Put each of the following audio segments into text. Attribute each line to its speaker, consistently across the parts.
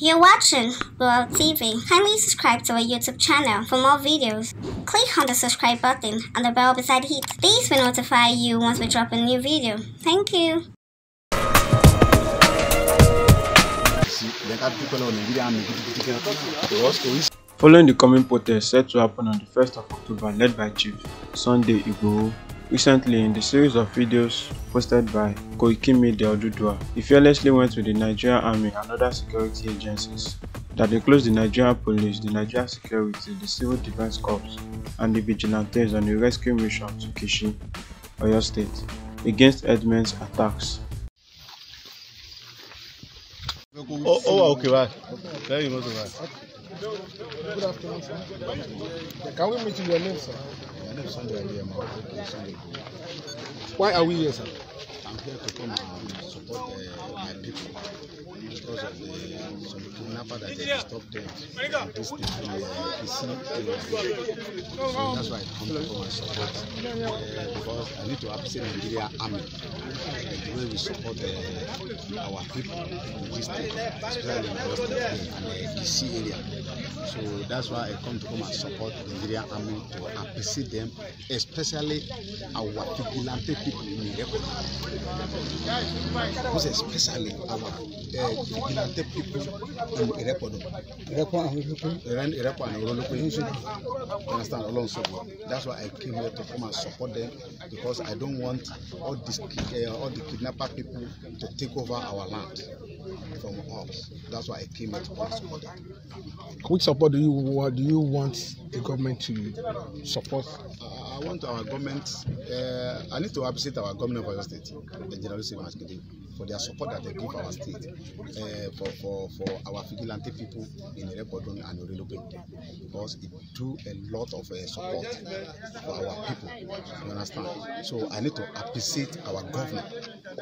Speaker 1: You're watching Blowout TV. Kindly subscribe to our YouTube channel for more videos. Click on the subscribe button and the bell beside it. These will notify you once we drop a new video. Thank you. Following the coming protest set to happen on the 1st of October led by Chief Sunday Igbo. Recently, in the series of videos posted by Koiki Media he fearlessly went to the Nigerian Army and other security agencies that include the Nigerian Police, the Nigerian Security, the Civil Defense Corps, and the Vigilantes on a rescue mission to Kishi, Oyo State, against Edmund's attacks. Oh, oh okay, right. There you go, right. Good afternoon, sir. Can we meet you your name, sir? Why are we here, sir? I'm here to come and support uh, my people because of the some kidnapper that they stopped them this Uh, so that's why I come to come and support uh, because I need to upset Nigeria army. The way we support uh, our people in this state, especially in the and uh, DC area. So that's why I come to come and support the Nigerian army to appreciate them, especially our vigilante people in Irepodo. Because especially our uh, people in Irepodo. Irepodo and Orolokun. Irepodo and Orolokun. Understand? Olonsobo. That's why I came here to come and support them because I don't want all this uh, eh, all the kidnapper people to take over our land from us. That's why I came here to come and support them. Cool which support do you what do you want the government to support? I want our government. Uh, I need to appreciate our government of our state, the General Secretary, for their support that they give our state uh, for, for, for our vigilante people in Erekodun and Orelope, because it do a lot of uh, support for our people. You understand? So I need to appreciate our government,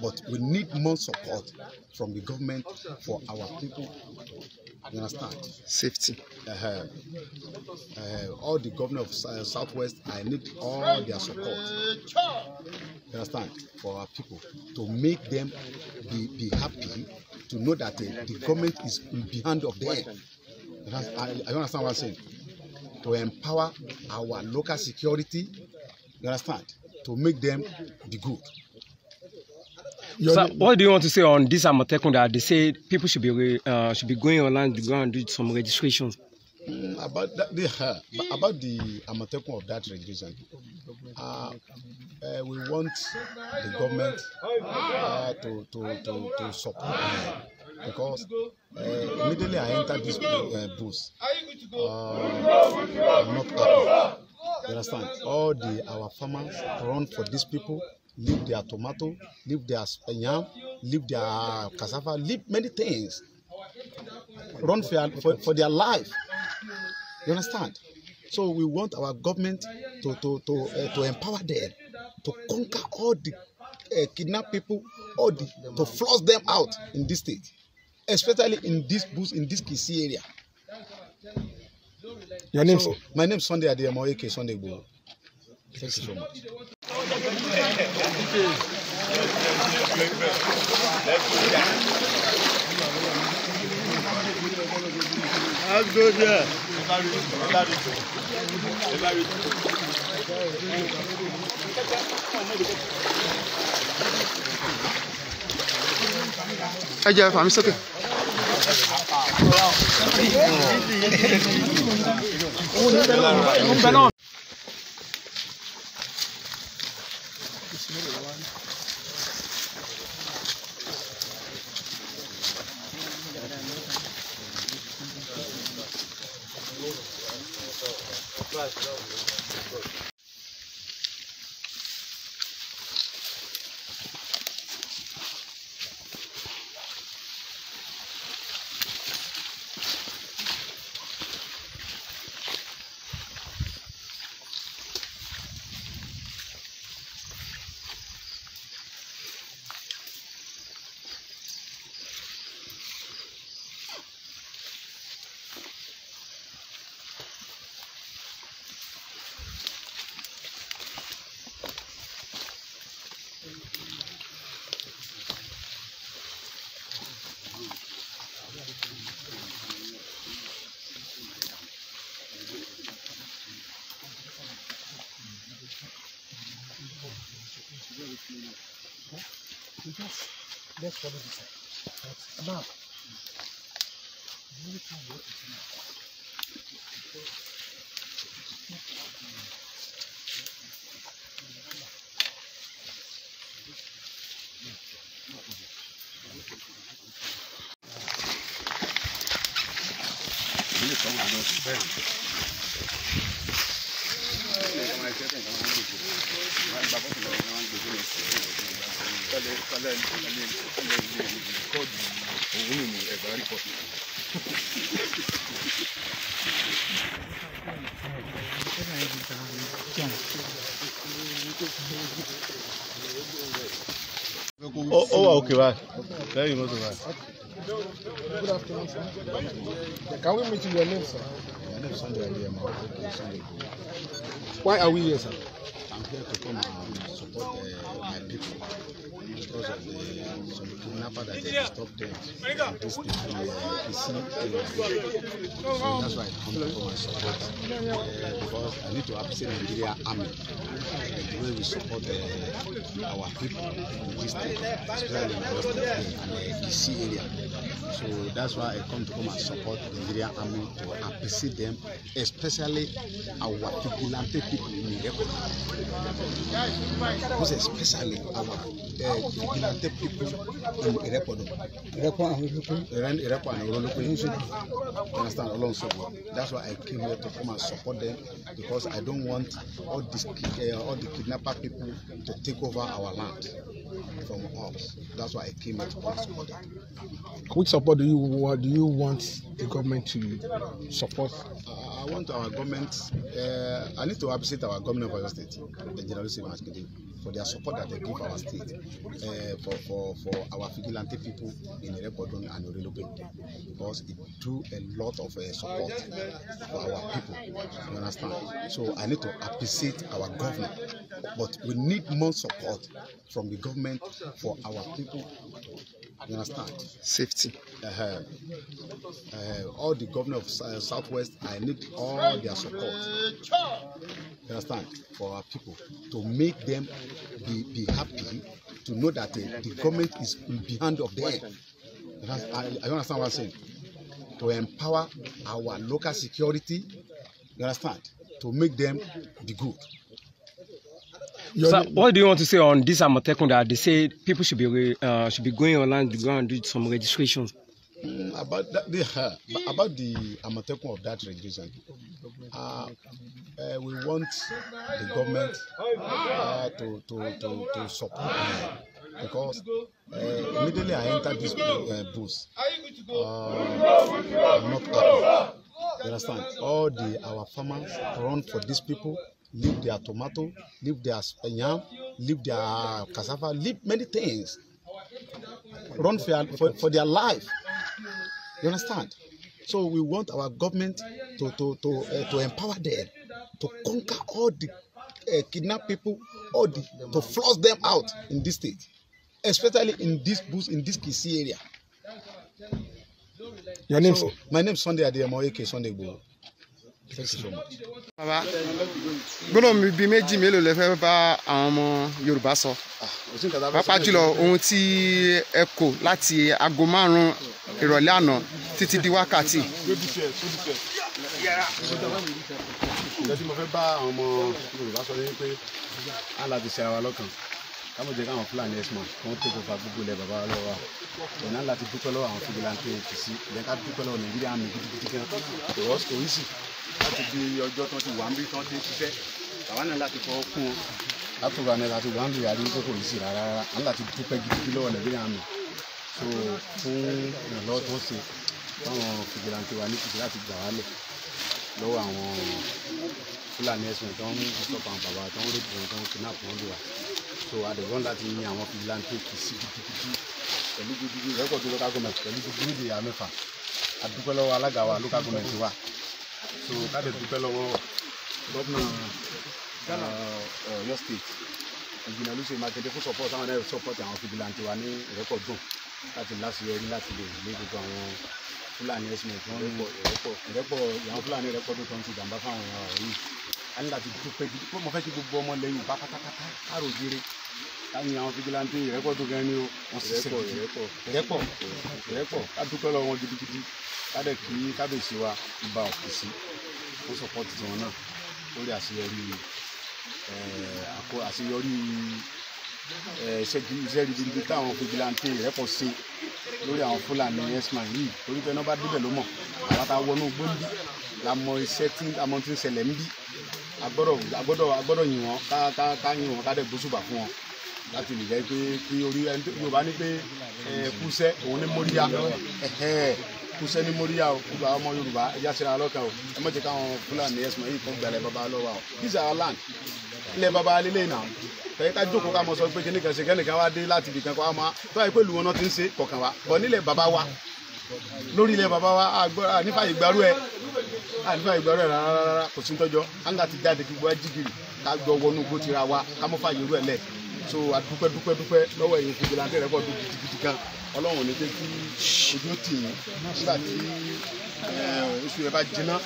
Speaker 1: but we need more support from the government for our people You understand? Safety. Uh, uh, all the governor of uh, Southwest, I need all their support. You understand? For our people to make them be, be happy to know that uh, the government is behind of them. I, I understand what I'm saying. To empower our local security. You understand? To make them be good. So, what do you want to say on this Amatekun that they say people should be uh, should be going online to go and do some registrations? Mm, about that, the, uh, about the Amatekun of that registration, uh, uh, we want the government uh, to, to, to, to support them because uh, immediately I entered this uh, booth, uh, I'm not happy. You understand? All the our farmers run for these people leave their tomato, leave their yam, leave their cassava, leave many things. Run for, for, for their life. You understand? So we want our government to, to, to, uh, to empower them, to conquer all the uh, kidnap people, all the, to flush them out in this state, especially in this bush, in this Kisi area. Your name? So, my name is Sunday Adeyemo, aka Sunday Igboho. Thank you so much. That's Ẹ jẹ́ fàmí sókè. weiß, Right, 行きます。で、食べてください。あ、まあ。Thank you. Oh ni ẹ̀gbá rìpọ̀tì. ó wà òkè báyìí Good afternoon, sir. Can we meet you your name, sir? My name is Sunday Why are we here, sir? I'm here to come and support uh, my people because of the some kidnapper that they stopped them. this people uh, is in so that's why I come to come and support uh, because I need to the Nigeria army and the way we support uh, our people in this state, especially in the and uh, the sea area. So that's why I come to come and support the Nigerian army to appreciate them, especially our vigilante people in Irepodo. Most especially our uh, vigilante people in Irepodo. Irepodo and Ololokun. Irepodo and Ololokun. Understand? Ololokun. That's why I came here to come and support them because I don't want all, this, uh, all the kidnapper people to take over our land from us. That's why I came out to support Which support do you do you want the government to support? Uh, I want our government, uh, I need to appreciate our government of our state, the General secretary, for their support that they give our state, uh, for, for, for our vigilante people in Erekodun and Orelope, because it drew a lot of uh, support for our people, you understand? So I need to appreciate our government, but we need more support from the government for our people You understand? Safety. Uh, uh, all the governor of uh, Southwest, I need all their support. You understand? For our people to make them be, be happy to know that uh, the government is behind of them. That's, I, I understand what I'm saying. To empower our local security. You understand? To make them be good. So, what do you want to say on this Amotekun that they say people should be uh, should be going online to go and do some registrations? Mm, about that, the, uh, about the Amotekun of that registration, uh, uh, we want the government uh, to, to, to, to support them because uh, immediately I entered this uh, booth, uh, I'm not happy. You understand? All the our farmers run for these people leave their tomato, leave their yam, leave their cassava, leave many things. Run for, for, for their life. You understand? So we want our government to, to, to, uh, to empower them, to conquer all the uh, kidnap people, all the, to flush them out in this state, especially in this bush, in this Kisi area. Your name? So, my name is Sunday Adeyemo, aka Sunday Igboho baba gbọ́dọ̀ mi bíi méjì mélòó lẹ fẹ́ bá àwọn ọmọ Yorùbá sọ pàápàá jùlọ ohun tí ẹ kò láti aago márùn-ún ìrọ̀lẹ́ àná títí di wákàtí. ìjọ tí mo bá àwọn ọmọ Yorùbá sọ ni pé a wa lọ́kàn kámọ̀ jẹ́ káwọn fúlàní ẹ̀sìn mọ̀ kí wọ́n tẹ̀kọ̀ fa gbogbo ilẹ̀ bàbá lọ́wọ́ wa ọ̀nà láti dúpẹ́ lọ́wọ́ àwọn fìgìláńtì tìsí ìyẹn ká dúpẹ́ lọ́wọ́ nàìjíríà mi gidigidi gan ìwọ́ oríṣi láti bí ọjọ́ tó ti wà ń bí tán ti ṣiṣẹ́ bàbá náà láti fọ́ kún un. látùgbà náà láti wà ń lu yàrá ìkókò yìí sí rárá á láti dúpẹ́ gidigidi lọ́wọ́ nàìjíríà mi so fún ìrànlọ́wọ́ tó ń ṣe fáwọn fìgìláńtì wa ní tìsí láti gbà wálẹ̀ lọ́wọ́ àwọn fúlàní ẹ̀sìn tó ń sọ̀kan bàbá tó ń rògbòn tó ń kidnap wọn lù wá so àdẹ̀gbọ́n láti yin àwọn fìlàntè kì í sí kìtìkìtì pẹ̀lú gbogbo rẹ́kọ̀dù local government pẹ̀lú gbogbo ìdè àmẹ́fà àdúpẹ́ lọ́wọ́ alága wa local government wa so káde dúpẹ́ lọ́wọ́ gọ́vnà uh, Ọ̀yọ́ state ìgbìmọ̀ olùsèlú Makinde fún support àwọn ẹ̀rọ support àwọn fìlàntè wa ní rẹ́kọ̀dù láti láṣeyọrí láti lè lé gbogbo àwọn fúlàní ẹ̀sìn ẹ̀tọ́ ìrẹ́pọ̀ ìyàwó fúlàní ìrẹ́pọ̀ tó tọ́ ń ti jàǹbá fáwọn èèyàn yìí a ní dúpẹ́ bí mo fẹ́ kí gbogbo ọmọ lẹ́yìn bá pátápátá kárò jire káyìn àwọn fìjìláńtì ìrẹ́pọ̀ tó gan ni o wọ́n sì sẹ́yìn ìrẹ́pọ̀ ìrẹ́pọ̀ ìrẹ́pọ̀ kádúpẹ́ lọ wọn gidigidi kádẹ̀ kí kábíyèsí wa ìbá òkè sí ó sọpọ́tì tiwọn náà lórí àṣeyọrí eh, àṣeyọrí iṣẹ́ eh, gidigidi táwọn fìjìláńtì ìrẹ́pọ̀ ṣe lórí àwọn fúlàní ẹ̀sìmàn yìí torí pé náà bá débẹ̀ ló mọ̀ àwọn tá a wọnú gbòǹdì la mọ iṣẹ́ tí a mọ ti ń ṣẹlẹ̀ ń agbọ́dọ̀ yìn wọ́n ká yìn wọ́n ká dẹ̀ gbósùbà fún wọn láti lè jẹ́ pé kí orí ẹni tó yorùbá ní pé kúṣẹ́ òun ní móríyá kúṣẹ́ ní móríyá o gbogbo àwọn ọmọ yorùbá ẹja ṣe ara lọ́kàn o ẹ mọ̀ jẹ́ káwọn fúlàní ẹ̀sùn yìí kan gbẹ̀rẹ̀ bàbá lọ́wọ́ o this is our land ilẹ̀ bàbá alẹ́lẹ́ náà fẹ́ ká jókòó ká mọ sọ pé kíní kan ṣe kẹ́nìkan wá dé láti ibì kan kó wá máa tó wáyé pé ìlú wọn náà ti ń ṣe kọ̀ọ̀kan wa bọ̀ nílẹ̀ bàbá wa lórí ilẹ̀ bàbá wa ànífà ìgbàrú ẹ ànífà ìgbàrú ẹ rárá kò sí ń tọ́jọ́ àǹgá ti jáde gbogbo ẹ jìgìrì ká gbọ́ wọnú gbó tira wa ká mọ́ fàyè irú ẹ lẹ̀ so adúpẹ́ dúpẹ́ dúpẹ́ lọ́wọ́ ẹ̀yin fún Vigilante Record dùn gidigidi gan ọlọ́run ò ní jẹ́ kí ojú tì yín nígbà tí eh, oṣù yẹn bá jiná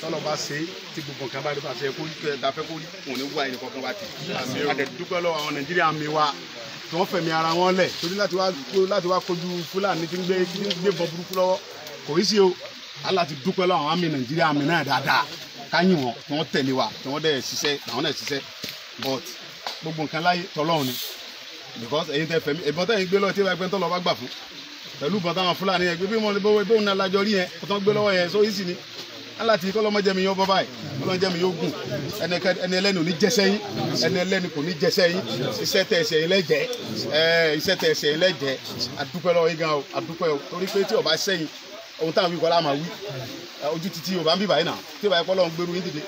Speaker 1: tọ́lọ̀ bá ṣe tí gbogbo nǹkan bá rí bá ṣe kó dafẹ́ kó kò ní wá ẹnì kankan wá tì àdẹ̀dúpẹ́ lọ́wọ́ àwọn Nàìjíríà mi wa tí wọ́n fẹ̀mí ara wọn lẹ̀ torí láti wá kojú Fúlàní tí ń gbé bọ burúkú lọ́wọ́ kò í ṣe o aláti dúpẹ́ lọ́wọ́ àwọn àmì Nàìjíríà mi náà dáadáa káyìn wọn tí wọ́n tẹ̀lé wa tí wọ́n dẹ̀ ṣiṣẹ́ àwọn náà ṣiṣẹ́ but gbogbo nǹkan láyé tọlọ́run ni because èyí tẹ fẹ̀mí ìbọn tẹ̀yìn gbé lọ tí ìbáyìí pé tọ́lọ́ bá gbà fún pẹ̀lú ìbọn táwọn fúlàní yẹn gbé mọ́ ibò ibò náà lájọ rí yẹn tán gbé lọ́wọ́ yẹn so yìí sì ni aláti kọ́lọ́mọ́jẹmi yóò bọ́ báyìí kọ́lọ́mọ́jẹmi yóò gùn ẹni ẹlẹ́ni ò ní jẹsẹ́ yín ẹni ẹlẹ́ni kò ní jẹsẹ́ yín iṣẹ́ tẹ ẹsẹ̀ yín lẹ́jẹ̀ iṣẹ́ tẹ ẹsẹ̀ yín lẹ́jẹ̀ adúpẹ́ lọ́wọ́ yín gan o adúpẹ́ o torí pé tí ọba sẹ́yìn ohun táwọn wí kọ́ láàmà wí ojú títí yorùbá ń bì báyìí náà tí ìbáyìí kọ́lọ́ ń gbèrú yín dìde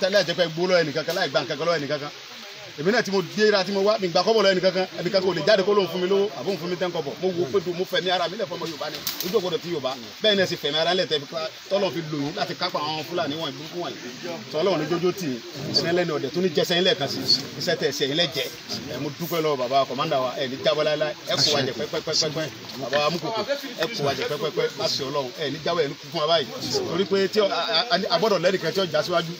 Speaker 1: tẹ́lẹ̀ àjẹpẹ́ gbó lọ́wọ́ ẹnìkankan láì gba nǹkan lọ́wọ́ ẹnìkankan èmi náà tí mo dé ra tí mo wá mi gbà kọ́bọ̀ lọ ẹnìkankan ẹnìkankan kò lè jáde kó ló ń fún mi lówó àbó ń fún mi tẹ́ ń kọ́bọ̀ mo wo pédu mo fẹ̀mí ara mi lẹ̀ fọmọ yorùbá ni ojú ògbọ́dọ̀ ti yorùbá bẹ́ẹ̀ ni ẹ sì fẹ̀mí ara lẹ̀ tẹ́fi tọ́lọ̀ fi lò yín láti kápá àwọn fúlàní wọn ìbúkú wọn yìí sọlọ́wọ́n ní jójó tì ìṣẹ́ lẹ́nu ọ̀dẹ̀ tó ní jẹsẹ̀ mo dúpẹ́ lọ bàbá kọ̀mándà wa ẹ̀ ní jábọ́ láíláí ẹ̀ kó wájẹ pẹ́pẹ́pẹ́pẹ́ bàbá amúkòkò ẹ̀ kó wájẹ pẹ́pẹ́pẹ́ láti ọlọ́run ẹ̀ ní já síwájú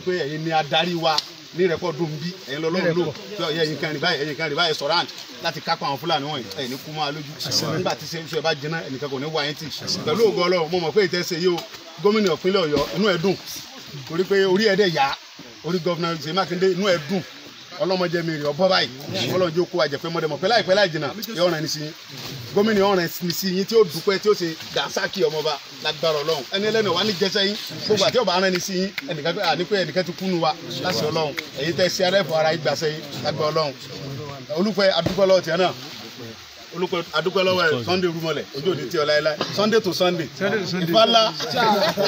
Speaker 1: tí ẹ̀yin ni adarí wa ní rẹ́kọ̀dù ń bí ẹ̀yin lọ́lọ́run lò tó ẹ̀yin kan rìn báyìí ẹ̀yin kan rìn báyìí sọ̀rọ̀ àǹtí láti kápá àwọn fúlàní wọ̀nyí ẹ̀yin kú máa lójú nígbà tí sẹ́yìn sọ̀rọ̀ bá jiná ẹnìkan kò ní wá yín tì pẹ̀lú ògo Ọlọ́run mo mọ̀ pé ìtẹ́sẹ̀ yìí o gómìnà ìpínlẹ̀ Ọ̀yọ́ inú ẹ̀ dùn torí pé orí ẹ̀ dẹ̀ yá orí gọ́vnà Ṣèyí Mákindé inú ẹ̀ dùn ọlọ́mọdé mi rè ọ bọ́ báyìí ọlọ́run jókòó àjẹpẹ́ mọ́dẹ́mọ́ pẹ́ láìpẹ́ láì jìnnà yọ ọ̀ràn ẹni sí yín gómìnà ọ̀ràn ẹni sí yín tí ó dúpẹ́ tí ó ṣe gàṣákì ọmọba lágbára ọlọ́run ẹni ẹlẹ́nu wa ní jẹsẹ́ yín gbogbo àti ọba arẹni sí yín ẹnìkan ànípẹ́ ẹnìkan ti kúnnu wa láṣẹ ọlọ́run èyí tẹ́ sí arẹ́fọ̀ ara yín gbàṣẹ́ yín lágbára ọlọ́run olùfẹ́ adúgbò lọ́wọ́ tiẹ̀ olùkọ́ adúgbò lọ́wọ́ Sunday Olúmọlẹ̀ ojú Sunday to Sunday ìfàlà.